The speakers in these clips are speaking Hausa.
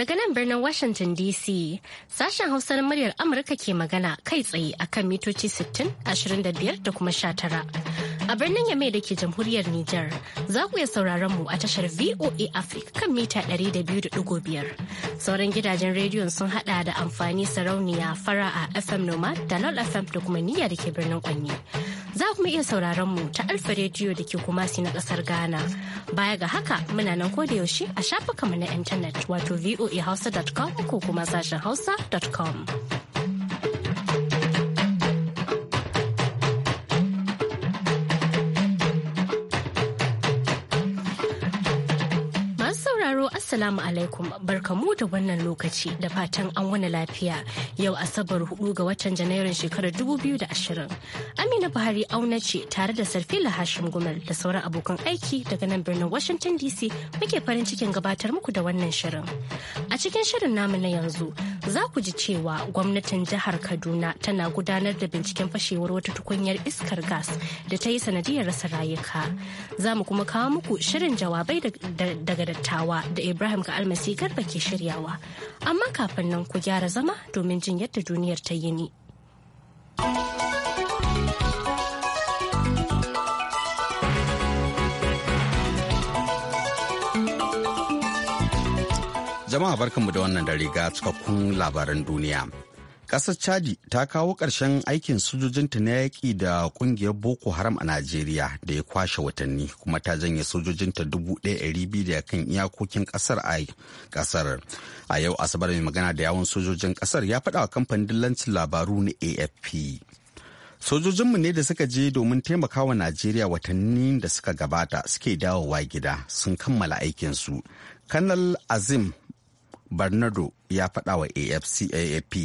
Daga nan birnin Washington DC, sashen Hausa na muryar Amurka ke magana kai tsaye akan mitoci 60, 25 da kuma 19. A birnin Yamai da ke jamhuriyar Nijar za ku iya sauraron mu a tashar VOA Africa kan mita 200.5. Sauran gidajen rediyon sun hada da amfani sarauniya fara'a FM Nomad da LOL FM da kuma niyya da ke birnin Kwanye. Za kuma iya sauraron mu ta Alfa rediyo da ke kumasi na kasar Ghana. Baya ga haka muna nan ko da yaushe a mu na intanet wato voahausa.com ko kuma sashen hausa.com. sauraro Assalamu alaikum barkamu da wannan lokaci da fatan an wani lafiya yau Asabar hudu ga watan Janairun shekarar dubu biyu da ashirin. Amina Buhari auna ce tare da Sarfila Hashim Gumel da sauran abokan aiki daga nan birnin Washington DC muke farin cikin gabatar muku da wannan shirin. A cikin shirin namu na yanzu za ku ji cewa gwamnatin jihar Kaduna tana gudanar da binciken fashewar wata tukunyar iskar gas da ta yi sanadiyar rasa rayuka. Za mu kuma kawo muku shirin jawabai daga dattawa da Ibrahim ga almasi garba ke shiryawa. Amma kafin nan ku gyara zama domin jin yadda duniyar ta yi ni. Jama'a barkanmu da wannan dare ga cikakkun labaran duniya. Ƙasar Chadi ta kawo ƙarshen aikin sojojinta na yaƙi da ƙungiyar Boko Haram a Najeriya da ya kwashe watanni kuma ta janye sojojinta dubu ɗaya biyu da kan iyakokin ƙasar a ƙasar. A yau Asabar mai magana da yawon sojojin ƙasar ya faɗa wa kamfanin dillancin labaru na AFP. Sojojinmu ne da suka je domin taimakawa Najeriya watanni da suka gabata suke dawowa gida sun kammala aikinsu. Kanal Azim barnardo ya faɗa wa afp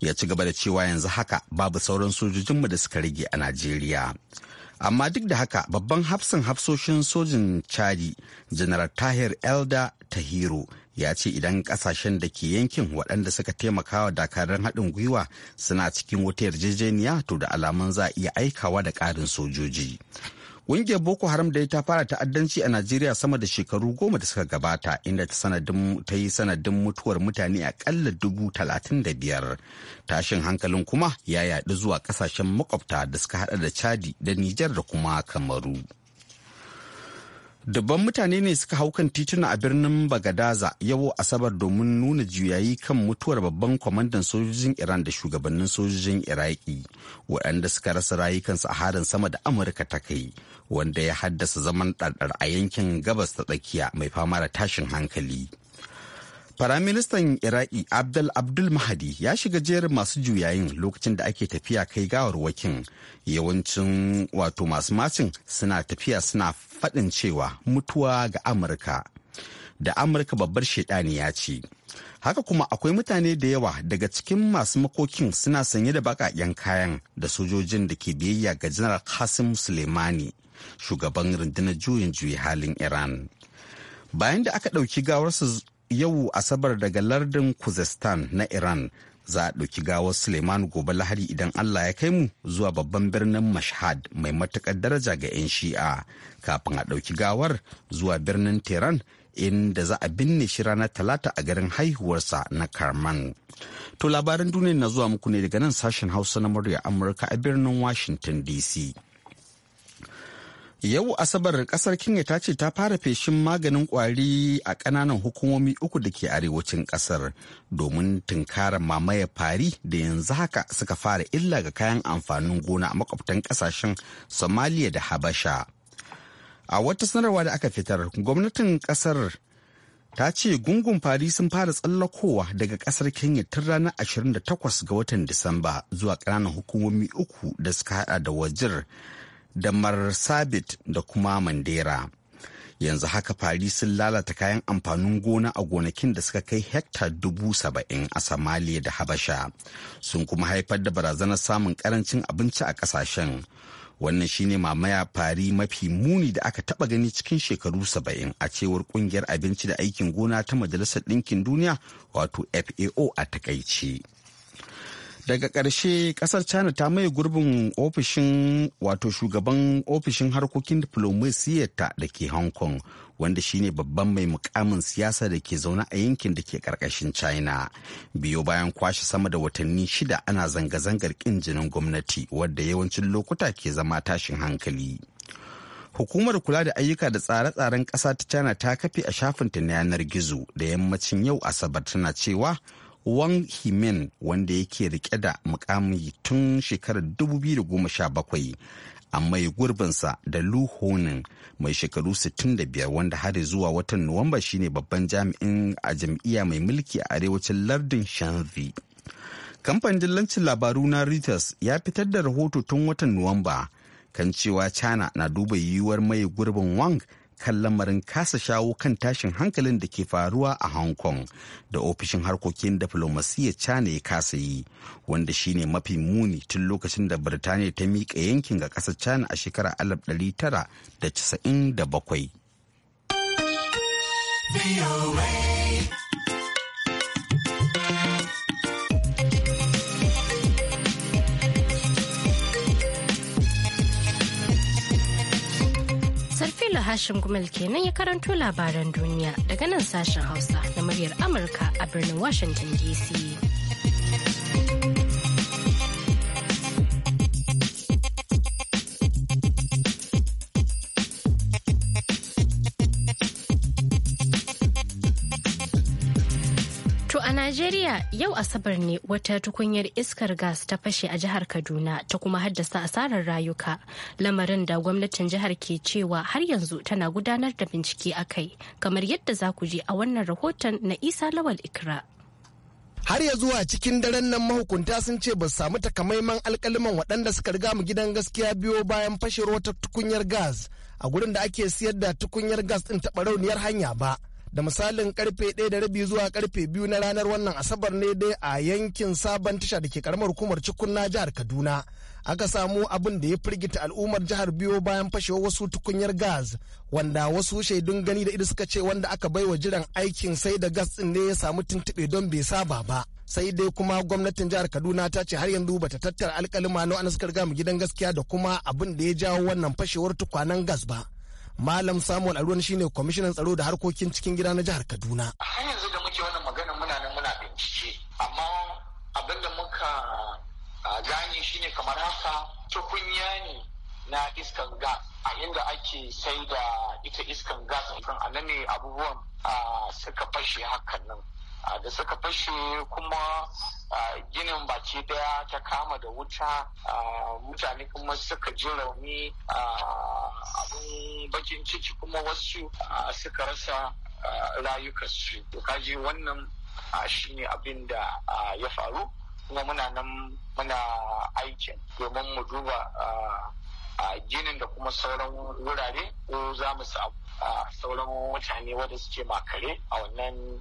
ya ci gaba da cewa yanzu haka babu sauran sojojinmu da suka rage a najeriya amma duk da haka babban hafsin hafsoshin sojin chadi general tahir elda tahiro ya ce idan kasashen da ke yankin waɗanda suka taimaka wa dakarun haɗin gwiwa suna cikin wata yarjejeniya to da alamun za a iya aikawa da ƙarin sojoji Ƙungiyar Boko Haram da ta fara ta'addanci a Najeriya sama da shekaru goma da suka gabata inda ta sanadin yi sanadin mutuwar mutane a ƙalla dubu talatin da biyar. Tashin hankalin kuma ya yaɗu zuwa ƙasashen makwabta da suka haɗa da Chadi da Nijar da kuma Kamaru. Dubban mutane ne suka hau kan tituna a birnin Bagadaza yau Asabar domin nuna juyayi kan mutuwar babban kwamandan sojojin Iran da shugabannin sojojin Iraki waɗanda suka rasa rayukansu a harin sama da Amurka ta kai wanda ya haddasa zaman ɗarɗar a yankin gabas ta tsakiya mai fama da tashin hankali. Firaministan Iraki Abdul Abdul Mahadi ya shiga jerin masu juyayin lokacin da ake tafiya kai gawarwakin yawancin wato masu macin suna tafiya suna faɗin cewa mutuwa ga Amurka. Da Amurka babbar ya ce. Haka kuma akwai mutane da yawa daga cikin masu makokin suna sanye da baƙaƙen kayan da sojojin da ke biyayya ga Janar Qasim Suleimani, shugaban rundunar juyin juyi halin Iran. bayan da aka ɗauki gawarsa yau asabar daga lardin kuzestan na iran za a ɗauki gawar suleiman gobe lahadi idan allah ya kai mu zuwa babban birnin mashhad mai matuƙar daraja ga 'yan shi'a kafin a ɗauki gawar zuwa birnin tehran inda za a binne shi ranar talata a garin haihuwarsa na karman to labaran duniya na zuwa muku ne daga nan sashen hausa na murya amurka a birnin washington dc Yau Asabar kasar Kenya ta ce ta fara feshin maganin kwari a ƙananan hukumomi uku da ke arewacin ƙasar domin tunkara mamaye fari da yanzu haka suka fara illa ga kayan amfanin gona a makwabtan ƙasashen somaliya da Habasha. A wata sanarwa da aka fitar, gwamnatin ƙasar ta ce gungun fari sun fara tsallakowa daga ƙasar Kenya tun ranar 28 ga watan Disamba zuwa ƙananan hukumomi uku da suka hada da wajir da marsabit da kuma mandera yanzu haka fari sun lalata kayan amfanin gona a gonakin da suka kai hekta dubu saba'in a samaliya da habasha sun kuma haifar da barazanar samun karancin abinci a kasashen wannan shine mamaya fari mafi muni da aka taba gani cikin shekaru saba'in a cewar kungiyar abinci da aikin gona ta majalisar ɗinkin duniya wato fao a takaici. daga ƙarshe ƙasar china ta maye gurbin ofishin wato shugaban ofishin harkokin diflomasiyyata da ke hong kong wanda shine babban mai mukamin siyasa da ke zauna a yankin da ke ƙarƙashin china biyo bayan kwashe sama da watanni shida ana zanga-zangar ƙin jinin gwamnati wadda yawancin lokuta ke zama tashin hankali hukumar kula da ayyuka da tsare-tsaren ƙasa ta china ta kafe a shafinta na yanar gizo da yammacin yau asabar tana cewa Wang himen wanda yake rike da mukami tun shekarar 2017 a mai gurbinsa da Lu Honin mai shekaru 65 wanda har zuwa watan Nuwamba shine babban jami'in a jam'iyya mai mulki a arewacin lardin Shanzi. Kamfanin dillancin labaru na Reuters ya fitar da rahoto tun watan Nuwamba kan cewa China na duba yiwuwar mai gurbin Wang kan lamarin kasa shawo kan tashin hankalin da ke faruwa a Hong Kong da ofishin harkokin diflomasiyya China ya kasa yi, wanda shine mafi muni tun lokacin da Birtaniya ta miƙa yankin ga ƙasar China a shekarar 1997. Hashim Gumel kenan ya karanto labaran duniya daga nan sashen Hausa na muryar Amurka a birnin Washington DC. A Najeriya yau Asabar ne wata tukunyar iskar gas ta fashe a jihar Kaduna ta kuma haddasa asarar rayuka lamarin da gwamnatin jihar ke cewa har yanzu tana gudanar da bincike a kai kamar yadda za ku je a wannan rahoton na Isa Lawal Ikra. har ya zuwa cikin daren nan mahukunta sun ce ba samu takamaiman alkaliman waɗanda suka riga mu gidan gaskiya biyo bayan fashe wata tukunyar gas a gurin da ake siyar da tukunyar gas ɗin taɓa rauniyar hanya ba da misalin karfe ɗaya da rabi zuwa karfe biyu na ranar wannan asabar ne dai a yankin sabon tasha da ke karamar hukumar cikunna jihar kaduna aka samu abin da ya firgita al'ummar jihar biyu bayan fashewar wasu tukunyar gas wanda wasu shaidun gani da ido suka ce wanda aka baiwa jiran aikin sai da gas din ne ya samu tuntuɓe don bai saba ba sai dai kuma gwamnatin jihar kaduna ta ce har yanzu bata tattara alkalima na wani suka riga gidan gaskiya da kuma abin da ya jawo wannan fashewar tukwanen gas ba Malam Samuel Aruwan shine kwamishinan tsaro da harkokin cikin gida na jihar Kaduna. Har yanzu da muke wannan magana muna nan muna bincike amma abin da muka ah, gane shine kamar haka tukunya ne na iskan gas a inda ake sai da ita iskan gas a nan ne abubuwan ah, suka fashe hakan nan. da suka fashe kuma ginin baki daya ta kama da wuta mutane kuma suka ji rauni abin bakin ciki kuma wasu suka rasa rayukansu kaji wannan shi ne abin da ya faru kuma muna nan muna aikin domin mu duba ginin da kuma sauran wurare ko za mu sauran mutane wadda suke makare a wannan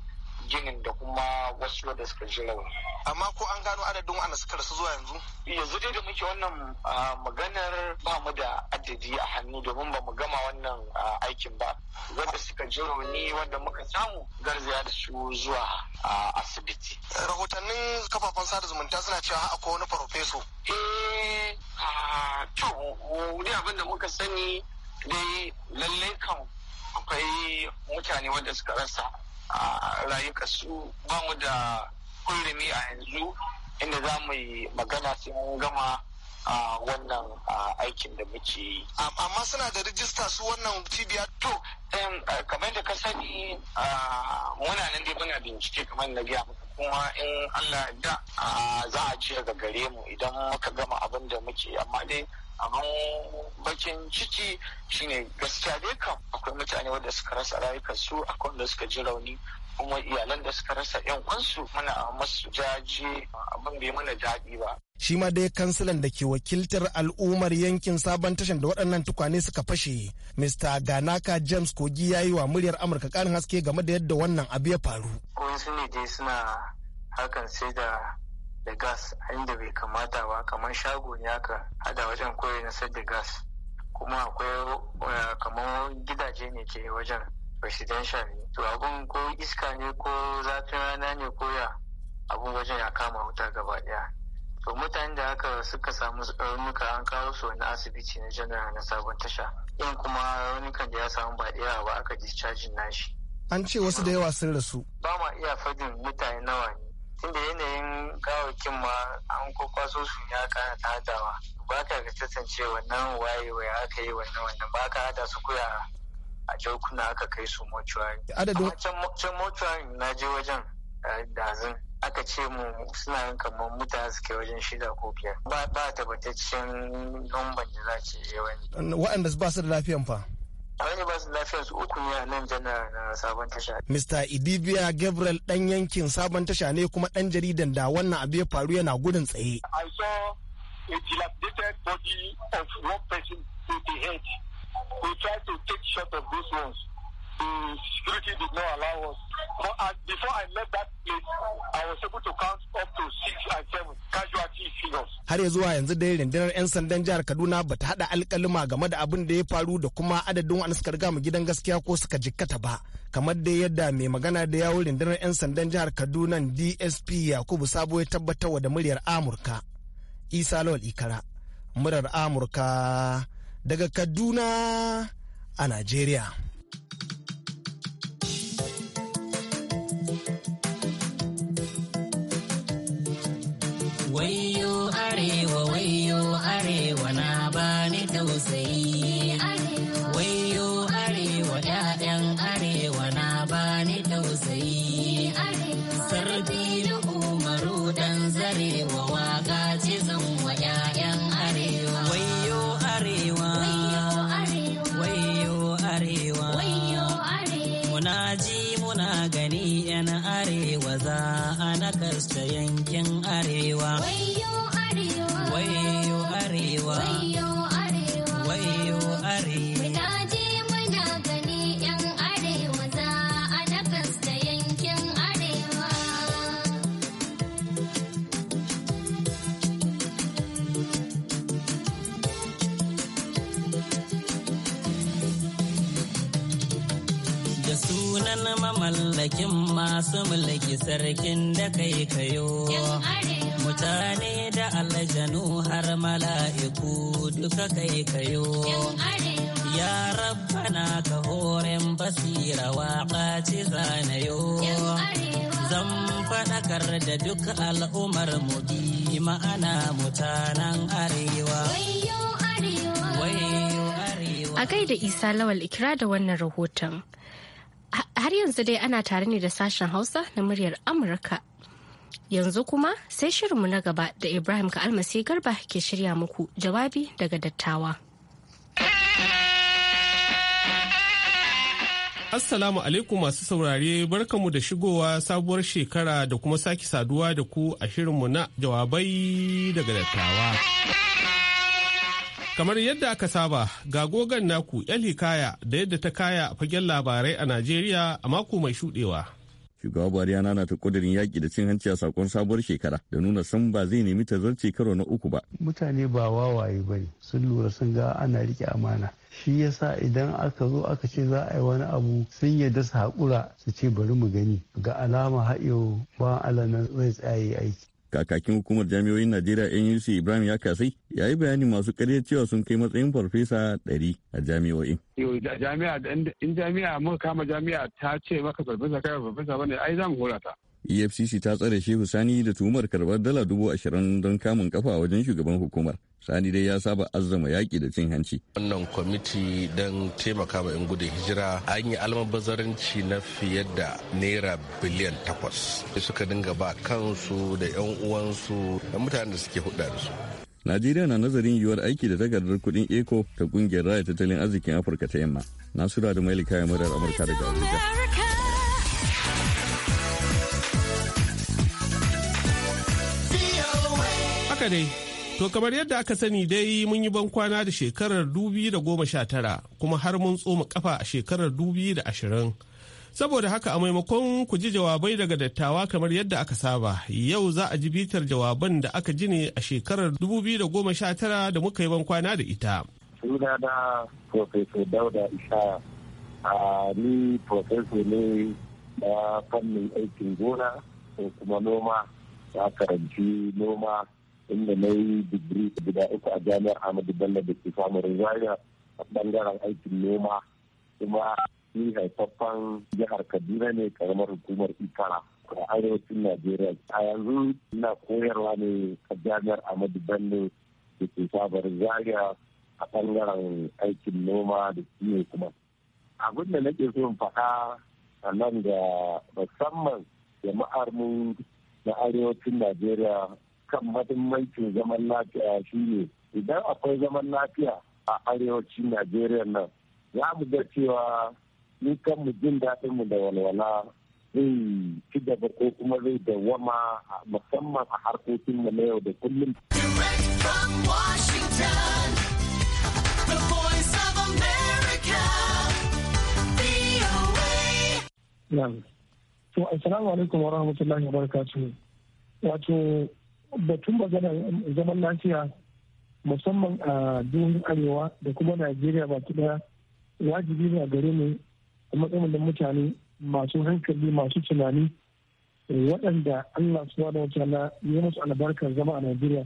ginin da kuma wasu da suka ji rauni. Amma ko an gano adadin wanda suka rasu zuwa yanzu? Yanzu dai da muke wannan maganar ba mu da adadi a hannu domin ba mu gama wannan aikin ba. Wanda suka ji rauni wanda muka samu garzaya da su zuwa asibiti. Rahotannin kafafen sada zumunta suna cewa akwai wani farfeso. Eh, to, wani abin da muka sani dai lallai kan akwai mutane wanda suka rasa a su ba mu da kullumi a yanzu inda za mu yi magana sai mun gama a wannan aikin da muke yi. Amma suna da rijista su wannan cibiya to kamar da ka sani muna nan dai muna bincike kamar na biya muku kuma in Allah da za a ci daga gare mu idan muka gama abin da muke amma dai amma bakin ciki shine gaskiya dai kam akwai mutane wanda suka rasa rayukansu akwai wanda suka ji rauni kuma iyalan da suka rasa yan uwansu muna masu jaje abin bai mana daɗi ba shi ma dai kansilan da ke wakiltar al'ummar yankin sabon tashan da waɗannan tukwane suka fashe mr ganaka james kogi ya yi wa muryar amurka ƙarin haske game da yadda wannan abu ya faru wasu ne dai suna hakan sai da da gas a inda bai kamata ba kamar shago ne aka hada wajen koyar na sayar da gas kuma akwai eh, kamar gidaje ne ke wajen residential ne to abun ko iska ne ko zafin rana ne ko ya abun wajen ya kama wuta gaba daya to mutane da aka suka samu raunuka an kawo su wani asibiti na general na sabon tasha in kuma raunukan da ya samu ba daya ba aka discharging nashi an ce wasu da yawa sun rasu ba ma iya fadin mutane nawa ne tunda yanayin kawakin ma an kwakwaso su ya kara ta hadawa ba ka ga tantance wannan waye waye aka yi wannan wannan ba ka hada su kuya a jakuna aka kai su mortuary A can mortuary na je wajen dazin aka ce mu suna yin kamar mutane suke wajen shida ko biyar ba tabbataccen numban da za ce yawan waɗanda ba su da lafiyan fa wani ba su lafiyar su uku nan janar na sabon tasha. Mr. Idibia Gabriel dan yankin sabon tasha ne kuma ɗan jaridan da wannan abu ya faru yana gudun tsaye. I saw a dilapidated body of one person to the head. We tried to take shot of those ones. the security did not allow us. But as, uh, before I left that place, I was able to count up to six and seven casualty figures. Har ya zuwa yanzu dai rundunar 'yan sandan jihar Kaduna ba ta haɗa alƙaluma game da abin da ya faru da kuma adadin wanda suka riga mu gidan gaskiya ko suka jikkata ba. Kamar dai yadda mai magana da yawo rundunar 'yan sandan jihar Kaduna DSP Yakubu Sabo ya tabbatar da muryar Amurka. Isa Lawal Ikara, muryar Amurka daga Kaduna a Najeriya. wai mamallakin masu mulki sarkin da kai kayo. Mutane da aljanu har mala'iku duka kai kayo. Ya rabbana ka horen basira waƙa zanayo. Zan faɗakar da duk al'ummar mu bi ma'ana mutanen arewa. A da Isa Lawal Ikira da wannan rahoton. har yanzu dai ana tare ne da sashen hausa na muryar amurka yanzu kuma sai shirinmu na gaba da ibrahim ka almasi garba ke shirya muku jawabi daga dattawa assalamu alaikum masu saurare barkamu da shigowa sabuwar shekara da kuma sake saduwa da ku a shirinmu na jawabai daga dattawa Kamar yadda aka saba, ga gogon naku 'yan hikaya da yadda ta kaya fagen labarai a Najeriya a mako mai shuɗewa. shugaba buhari ya ta kudirin yaƙi da cin hanci a sakon sabuwar shekara da nuna san ba zai nemi ta tazarci karo na uku ba mutane ba wawaye bane sun lura sun ga ana rike amana shi yasa idan aka zo aka ce za a yi wani abu sun yarda su haƙura su ce bari mu gani ga alama haɗewa ba alanan zai tsaye aiki kakakin hukumar jami'oyin najeriya nuc ibrahim ya kasai ya yi bayani masu karya cewa sun kai matsayin farfesa ɗari a jami'o'in. jami'a in jami'a mun kama jami'a ta ce maka farfesa kai farfesa bane ai za mu hora ta. efcc ta tsare shehu sani da tuhumar karbar dala dubu ashirin don kamun kafa wajen shugaban hukumar Sani dai ya saba azama yaƙi da cin hanci. Wannan kwamiti don taimaka ma 'yan gudun hijira an yi almabazarinci na fiye da naira biliyan takwas. Suka dinga ba kansu da 'yan uwansu da mutanen da suke hudu da su. Najeriya na nazarin yiwuwar aiki da takardar kuɗin eco ta ƙungiyar raya tattalin arzikin Afirka ta yamma. Nasura da mai likaya murar Amurka daga Abuja. Haka dai, To kamar yadda aka sani dai mun yi bankwana da shekarar tara kuma har mun tsoma kafa a shekarar ashirin Saboda haka a maimakon ku ji jawabai daga dattawa kamar yadda aka saba yau za a ji bitar jawaban da aka ji ne a shekarar tara da muka yi bankwana da ita. Suna da Profesor Dauda Isha a ni Profesor ne na fannin aikin gona ko kuma noma ya karanci noma inda na yi digiri guda uku a jami'ar Ahmadu Bello da ke samun Zaria a bangaren aikin noma kuma ni haifaffen jihar Kaduna ne karamar hukumar Ikara a arewacin Najeriya. A yanzu ina koyarwa ne a jami'ar Ahmadu Bello da ke samun Zaria a bangaren aikin noma da kiwo kuma. Abin da nake so in faɗa a nan da musamman jama'ar mu na arewacin Najeriya kan mahimmancin zaman lafiya shine idan akwai zaman lafiya a arewacin najeriya nan za mu ga cewa ni mu jin daɗinmu da walwala zai ci gaba ko kuma zai dawama musamman a harkokinmu na yau da kullum. To, assalamu alaikum wa rahmatullahi wa barakatuhu. Wato, batun maganar zaman lafiya musamman a jihohin arewa da kuma najeriya baki daya wajibi ne a gare mu a matsayin da mutane masu hankali masu tunani waɗanda allah su da wata yi musu albarkar zama a najeriya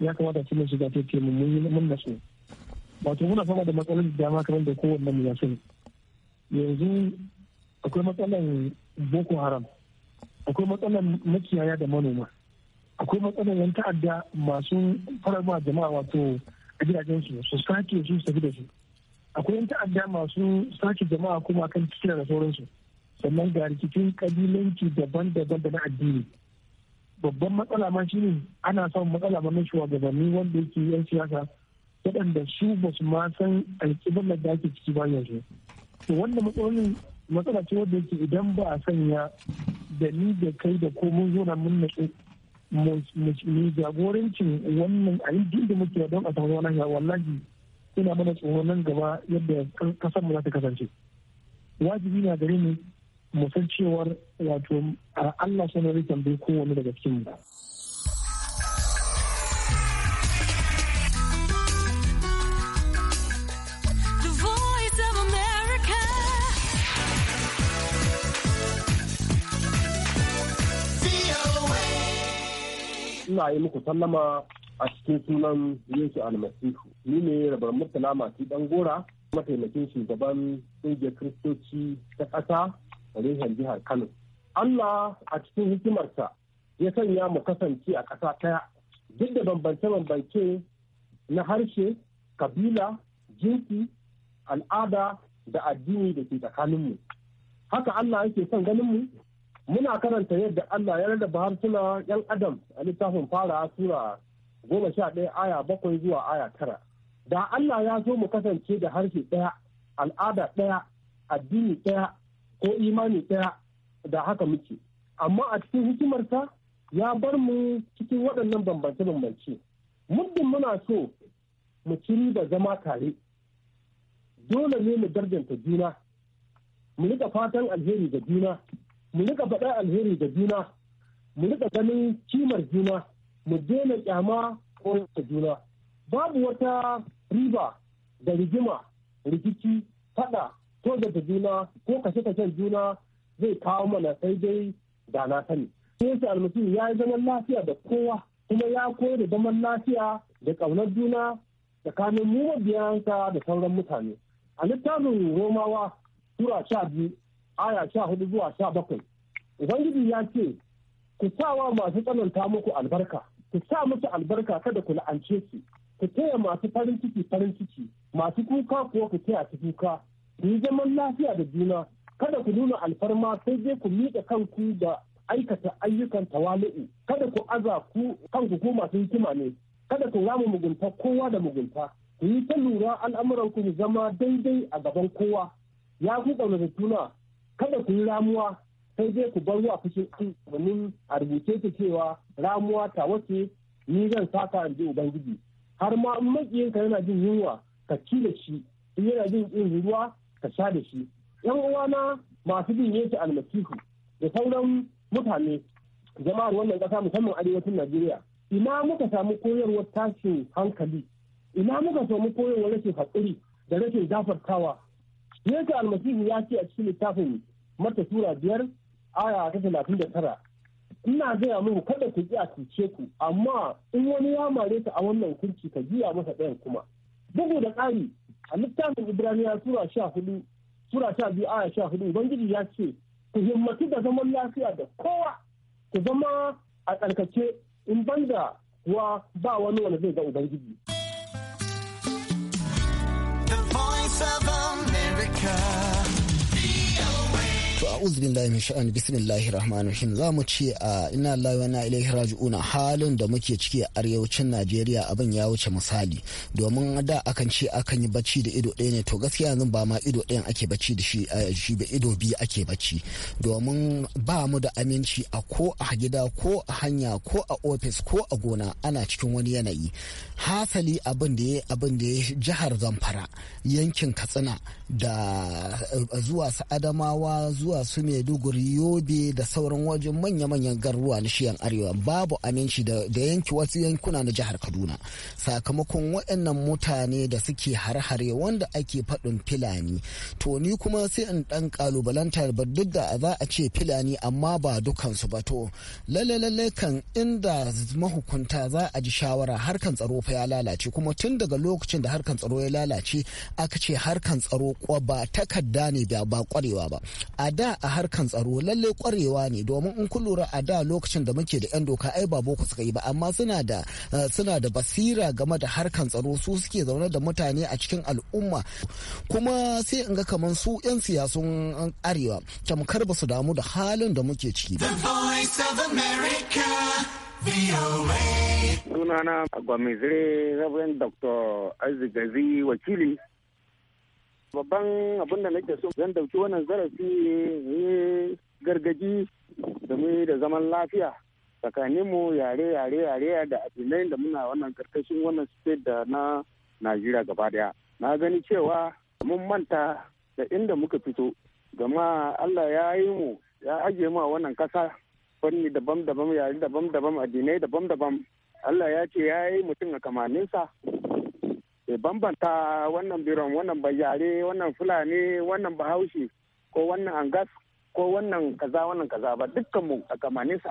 ya kamata su zafi ke mu mun mun ba wato muna fama da matsalar da dama kamar da kowanne mu yanzu akwai matsalar boko haram akwai matsalar makiyaya da manoma akwai matsalar yan ta'adda masu farawa jama'a wato a gidajen su su sake su tafi da su akwai yan ta'adda masu sake jama'a kuma kan cikin da sauransu sannan ga rikicin kabilanci daban-daban da na addini babban matsala ma ne ana samun matsala ma na shugabanni wanda yake yan siyasa waɗanda su ba su ma san alƙibar da ake ciki ba yanzu to wanda matsalolin matsala ce wanda yake idan ba a sanya da ni da kai da ko mun zo na mun natsu mu jagorancin wannan a yi da muke don a samu wannan wallahi ina mana tsoron nan gaba yadda kasar mu za ta kasance wajibi na gare mu mu san cewar wato Allah sanar da tambayi kowanne daga cikin mu ina yi muku sallama a cikin sunan Yesu Almasihu. Ni ne Rabar Murtala dan gora mataimakin shugaban ƙungiyar Kiristoci ta ƙasa a jihar Kano. Allah a cikin hikimarsa ya sanya mu kasance a ƙasa ɗaya. Duk da bambance-bambance na harshe, kabila, jinsi, al'ada da addini da ke tsakaninmu. Haka Allah yake son ganinmu, muna karanta yadda Allah ya rarraba harsuna yan adam a littafin fara sura goma sha ɗaya aya bakwai zuwa aya tara da Allah ya so mu kasance da harshe ɗaya al'ada ɗaya addini ɗaya ko imani ɗaya da haka muke amma a cikin hikimarsa ya bar mu cikin waɗannan bambance-bambance muddin muna so mu ciri da zama tare dole ne mu darjanta juna mu riƙa fatan alheri ga juna mu rika faɗa alheri da juna mu rika ganin kimar juna mu daina kyama ko da juna babu wata riba da rigima rikici faɗa ko da juna ko kashe kashen juna zai kawo mana sai dai da na sani sai almutum ya yi zaman lafiya da kowa kuma ya koyar da zaman lafiya da ƙaunar juna tsakanin mu mabiyansa da sauran mutane a littafin romawa tura sha biyu aya sha hudu zuwa sha bakwai ubangiji ya ce ku sa wa masu tsananta muku albarka ku sa musu albarka kada ku la'ance su ku taya masu farin ciki farin ciki masu kuka kuwa ku taya su kuka ku yi zaman lafiya da juna kada ku nuna alfarma sai dai ku miƙa kanku da aikata ayyukan tawali'u kada ku aza ku kanku ko masu hikima ne kada ku rama mugunta kowa da mugunta ku yi ta lura al'amuranku ku zama daidai a gaban kowa ya ku ƙaunar juna kada ku yi ramuwa sai dai ku bar wa fushin Allah domin a rubuce ta cewa ramuwa ta wace ni zan saka in ji ubangiji har ma in makiyinka yana jin yunwa ka ci da shi in yana jin in ruwa ka sha da shi yan uwana masu bin yesu almasihu da sauran mutane jama'ar wannan ƙasa musamman arewacin najeriya ina muka samu koyarwar tashin hankali ina muka samu koyarwar rashin haƙuri da rashin gafartawa yesu almasihu ya ce a cikin littafin mata sura biyar aya ta talatin da tara ina gaya muku kada ku ji a cuce ku amma in wani ya mare ta a wannan kurci ka jiya masa ɗayan kuma bugu da ƙari a littafin ibraniya sura sha hudu sura sha biyu aya sha hudu ubangiji ya ce ku himmatu da zaman lafiya da kowa ku zama a tsarkace in banda wa ba wani wanda zai ga ubangiji. of a'udhu billahi min sha'ani bismillahir rahmanir rahim za mu ce a inna lillahi wa inna ilaihi raji'un halin da muke ciki a arewacin Najeriya abin ya wuce misali domin da akan ce akan yi bacci da ido ɗaya ne to gaskiya yanzu ba ma ido ɗayan ake bacci da shi shi ba ido biyu ake bacci domin ba mu da aminci a ko a gida ko a hanya ko a ofis ko a gona ana cikin wani yanayi hasali abin da ya abin da ya jihar Zamfara yankin Katsina da zuwa su Adamawa zuwa su maiduguri yobe da sauran wajen manya-manyan garuruwa na shiyan arewa babu aminci da yanki wasu yankuna na jihar kaduna sakamakon waɗannan mutane da suke har-hare wanda ake faɗin filani to ni kuma sai in ɗan kalubalanta ba duk da za a ce filani amma ba dukansu ba to lalle kan inda mahukunta za a ji shawara harkan tsaro fa ya lalace kuma tun daga lokacin da harkan tsaro ya lalace aka ce harkan tsaro ba takarda ne ba kwarewa ba a da a harkan tsaro lalle kwarewa ne domin in kun lura a da lokacin da muke da 'yan doka ai ba boko suka yi ba amma suna da eh, suna da basira game da harkan tsaro su suke zaune da mutane a cikin al'umma kuma sai in ga kamar su 'yan siyasun eh, arewa tamkar ba su damu da halin da muke ciki ba. Sunana Gwamizire Reverend Dr. Azigazi Wakili Babban abin da nake so zan dauki wannan zarafi ne gargaji da mu da zaman lafiya tsakaninmu yare yare yare da abinai da muna wannan karkashin wannan state da na Najeriya gaba daya. Na gani cewa mun manta da inda muka fito gama Allah ya yi mu ya ajiye mu a wannan kasa fanni daban-daban yare daban-daban addinai daban-daban Allah ya ce ya yi mutum a kamaninsa bambanta wannan biron wannan bayare wannan fulani wannan bahaushe ko wannan angas ko wannan kaza wannan kaza ba dukkanmu mu a kamanin sa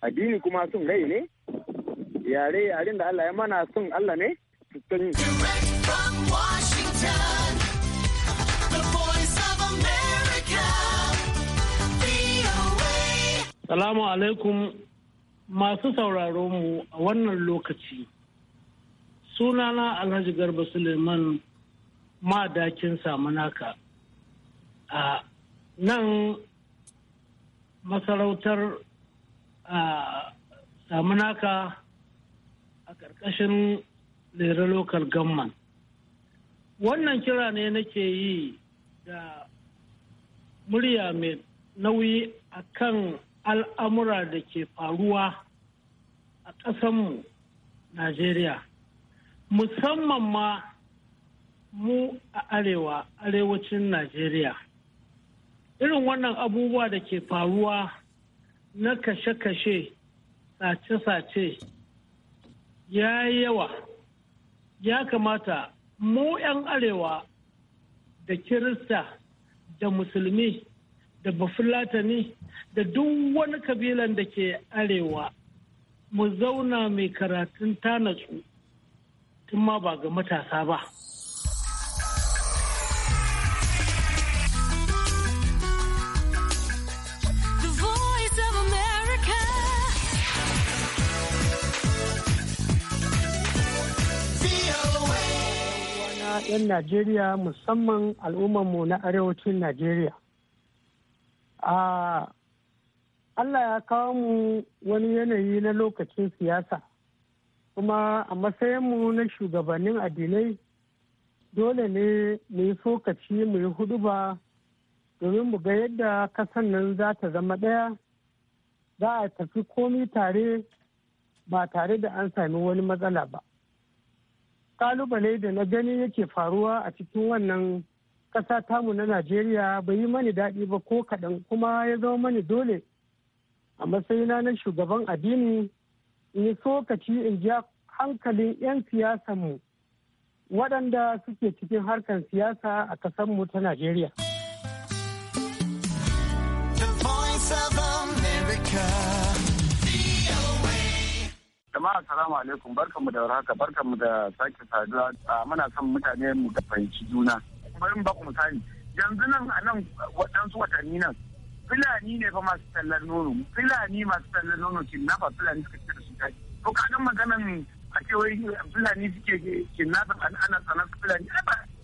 addini kuma sun rai ne yare yaren da Allah ya mana sun Allah ne Salamu alaikum masu sauraro mu a wannan lokaci. sunana alhaji garba suleiman madakin samunaka a nan masarautar samunaka a ƙarƙashin lera local government wannan kira ne nake yi da murya mai nauyi a kan al'amura da ke faruwa a ƙasanmu najeriya musamman ma mu a arewa arewacin najeriya irin wannan abubuwa da ke faruwa na kashe-kashe sace-sace ya yawa ya kamata mu 'yan arewa da kirista da musulmi da bafulatani da duk wani kabilan da ke arewa mu zauna mai karatun tanatsu tun ma ba ga matasa ba. yan Najeriya musamman al'ummarmu na arewacin Najeriya. Allah ya kawo mu wani yanayi na lokacin siyasa. kuma a matsayin mu na shugabannin addinai dole ne mu yi sokaci mu yi ba domin mu ga yadda kasan nan za ta zama ɗaya za a tafi komi tare ba tare da an sami wani matsala ba kalubale da na gani yake faruwa a cikin wannan ƙasa tamu na najeriya bai yi mani daɗi ba ko kaɗan kuma ya zama mani dole a matsayina na shugaban addini in yi sokaci in ja hankalin 'yan siyasanmu waɗanda suke cikin harkar siyasa a ƙasarmu ta Najeriya. jama'a salamu alaikum barkanmu da warhaka barkanmu da sake saduwa muna son mutane mu da fahimci juna in ba ku misali yanzu nan a nan waɗansu watanni nan fulani ne fa masu tallar nono fulani masu tallar nono nafa fulani suka ce to kaɗan maganan a cewar fulani suke kinnafa ana tsanar fulani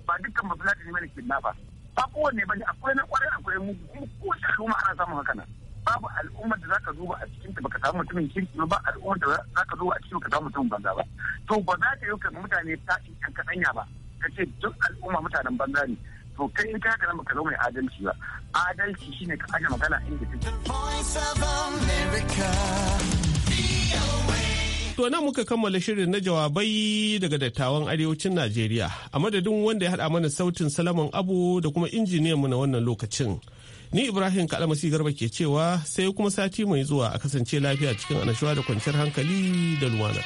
ba dukkan ba fulani ne kinnafa ba kowanne ba ne akwai na kwarai akwai mu kuma kowace al'umma ana samun haka nan babu al'ummar da zaka duba a cikin ta baka samu mutumin kirki ba al'ummar da zaka duba a cikin ka samu mutumin banza ba to ba za ka yi ka mutane ta kan kaɗanya ba ka ce duk al'umma mutanen banza ne to kai in ka nan baka zo mai adalci ba adalci shine ka aje magana inda take. To nan muka kammala shirin na jawabai daga dattawan arewacin Najeriya a madadin wanda ya hada mana sautin salaman abu da kuma injiniyanmu na wannan lokacin. Ni Ibrahim Kalmasi Garba ke cewa sai kuma sati mai zuwa a kasance lafiya cikin annashuwa da kwanciyar hankali da lumana.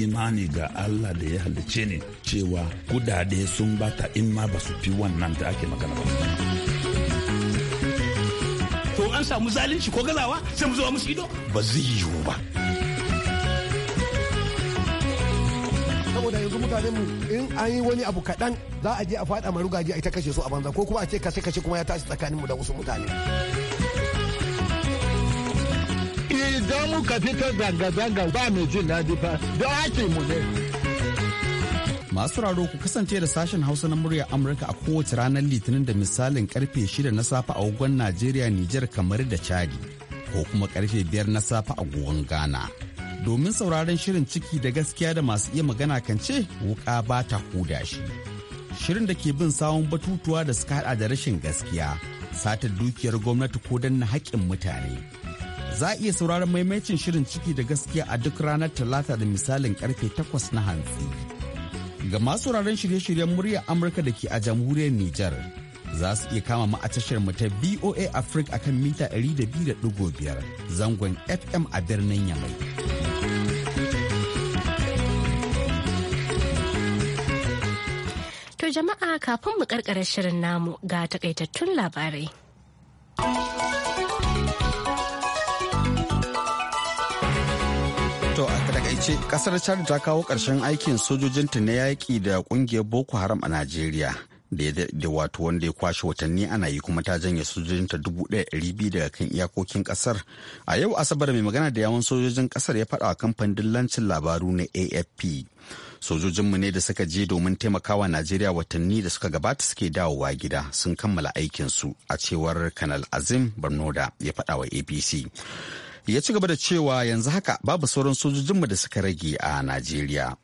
imani ga Allah da ya halice ni cewa kudade sun bata in ma ba su fi wannan da ake magana ba. to an samu zalunci ko gazawa sai mu zuba musu ido ba zai yiwu ba saboda yanzu mutanen mu in an yi wani abu kaɗan za a je a faɗa marugaji a ita kashe su a banza ko kuma a ce kashe kashe kuma ya tashi tsakanin mu da wasu mutane. idan muka fito zanga-zanga ba mai jin daɗi ba don haƙi mu ne. Masu raro ku kasance da sashen Hausa na murya Amurka a kowace ranar Litinin da misalin karfe 6 na safe a wagon Najeriya, Nijar, kamar da Chadi, ko kuma karfe 5 na safe a gogon Ghana. Domin sauraron shirin ciki da gaskiya da masu iya magana kan ce wuka ba ta huda shi. Shirin da ke bin sawon batutuwa da suka hada da rashin gaskiya, satar dukiyar gwamnati ko danna haƙƙin mutane. Za a iya sauraron maimacin shirin ciki da gaskiya a duk ranar Talata da misalin karfe 8 na hantsi. Ga masu sauraron shirye-shiryen murya Amurka da ke a jamhuriyar Nijar, za su iya kama mu a tashar mu ta BOA Africa akan mita 200.5 zangon FM a birnin Yamai. To jama'a kafin mu karkare shirin namu ga takaitattun labarai. ce kasar chad ta kawo ƙarshen aikin sojojinta na yaƙi da ƙungiyar boko haram a najeriya da wato wanda ya kwashe watanni ana yi kuma ta janye sojojinta dubu ɗaya biyu daga kan iyakokin ƙasar a yau asabar mai magana da yawan sojojin ƙasar ya faɗa a kamfanin dillancin labaru na afp sojojinmu ne da suka je domin taimakawa najeriya watanni da suka gabata suke dawowa gida sun kammala aikinsu a cewar kanal azim barnoda ya faɗa wa abc ya ci gaba da cewa yanzu haka babu sauran sojojinmu da suka rage a najeriya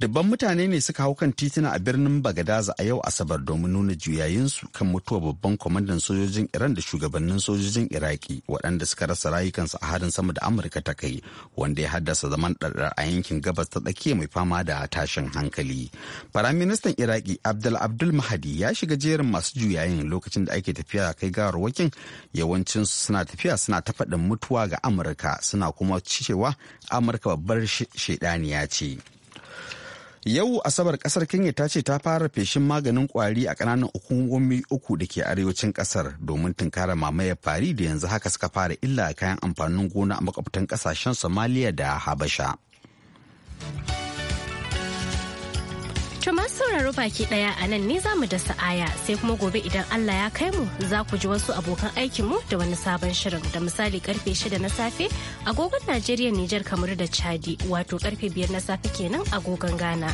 Dubban mutane ne suka hau kan titina a birnin Bagadaza a yau Asabar domin nuna juyayinsu kan mutuwa babban kwamandan sojojin Iran da shugabannin sojojin Iraki waɗanda suka rasa rayukansu a harin sama da Amurka ta kai wanda ya haddasa zaman ɗarɗar a yankin gabas ta tsakiya mai fama da tashin hankali. Firaministan Iraki Abdul Abdul Mahadi ya shiga jerin masu juyayin lokacin da ake tafiya kai gawar gawarwakin yawancinsu suna tafiya suna ta faɗin mutuwa ga Amurka suna kuma cewa Amurka babbar shaidaniya ce. yau asabar kasar kenya ta ce ta fara feshin maganin kwari a kananan hukumomi uku da ke arewacin kasar domin tunkara mamayar fari da yanzu haka suka fara illa kayan amfanin gona a makwabtan kasashen somaliya da habasha To masu sauraro baki daya a nan za mu da sa'aya sai kuma gobe idan Allah ya kai mu za ku ji wasu abokan aikin mu da wani sabon shirin da misali karfe 6 na safe agogon Najeriya Nijar kamar da Chadi wato karfe 5 na safe kenan agogon Ghana.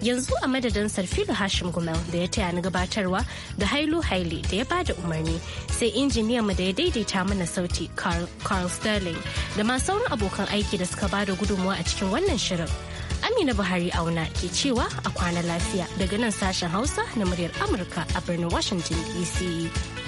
Yanzu a madadin Sarfilu Hashim Gumel da ya taya ni gabatarwa da Hailu Haile da ya bada umarni sai injiniyan mu da ya daidaita mana sauti Carl Sterling da ma sauran abokan aiki da suka bada gudunmuwa a cikin wannan shirin. na Buhari auna ke cewa a kwana lafiya daga nan sashen Hausa na muryar Amurka a birnin Washington DC.